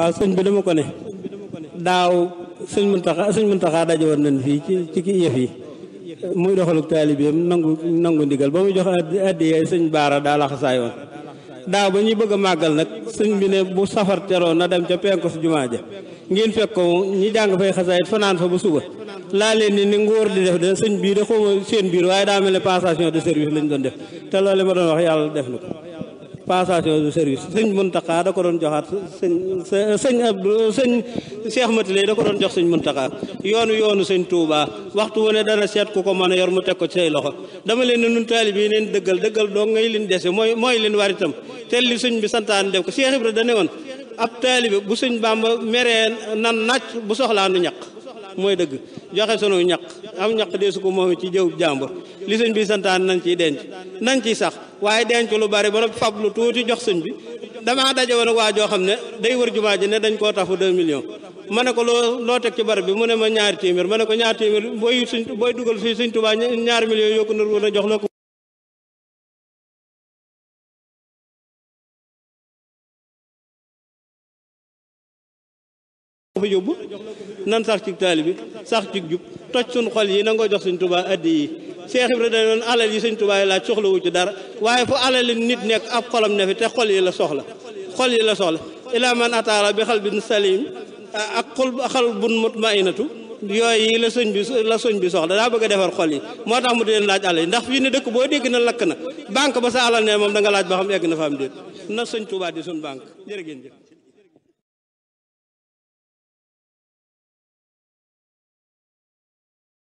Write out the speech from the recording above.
waaw sëñ bi dama ko ne daaw sëñ Muntaxa sëñ Muntaxa daje woon nañ fii ci ci ki yëf yi muy doxaluk taalibeem nangu nangu ndigal ba muy jox addiyee sëñ baara daa laxasaayoon daaw ba ñuy bëgg màggal nag sëñ bi ne bu safar teroon na dem ca penku su jumaa ja ngeen fekk ko ñi jàng fay xasaayit fanaan fa ba suba laa leen ni ni nguur di def de sëñ biir de xawma seen biir waaye daa mel ne passation de service lañ doon def te loolu ma doon wax yàlla def na ko passation de service sëñ Muntaxa da ko doon joxaat sëñ sëñ Abdu sëñ Cheikh Mati da ko doon jox sëñ Muntaxa yoonu yoonu sëñ Touba waxtu wu ne dana seet ku ko mën a yor mu teg ko ci say loxo dama leen ne nun taalibe yi neen dëggal dëggal doo ngay leen dese mooy mooy leen war itam te li sëñ bi santaan def ko Cheikh Ibra da ne woon ab taalibe bu sëñ Bàmba meree nan naaj bu soxlaa nu ñàkk mooy dëgg joxe sunu ñaq am ñaq dee su ko moom ci jëw jàmbur li sëñ bi santaan nañ ciy denc nañ ciy sax waaye denc bari ba noppi fab lu tuuti jox sëñ bi damaa daje woon ak waa joo xam ne day wër jumaa ji ne dañ koo tafu 2 millions ma ne ko loo loo teg ci barab bi mu ne ma ñaari téeméer ma ko ñaari téeméer booy suñ booy dugal suñ tubaa ñaari millions yokku na jox la ko fa yóbbu nan sax ci taali bi sax ci jub toj suñ xol yi nangoo jox suñ tubaa addi yi Cheikh Ibra da doon alal yi suñ tubaa yi laaj la soxla xol yi la soxla ilaa man ataala bi xal bin salim ak xol xal bun mutmainatu yooyu yi la sëñ bi la sëñ bi soxla daa bëgg a defar xol yi moo tax mu di leen laaj alal yi ndax fii ne dëkk boo dégg na lakk na banque ba sa alal ne moom da nga laaj ba xam egg na fa déet na sëñ tubaa di suñ banque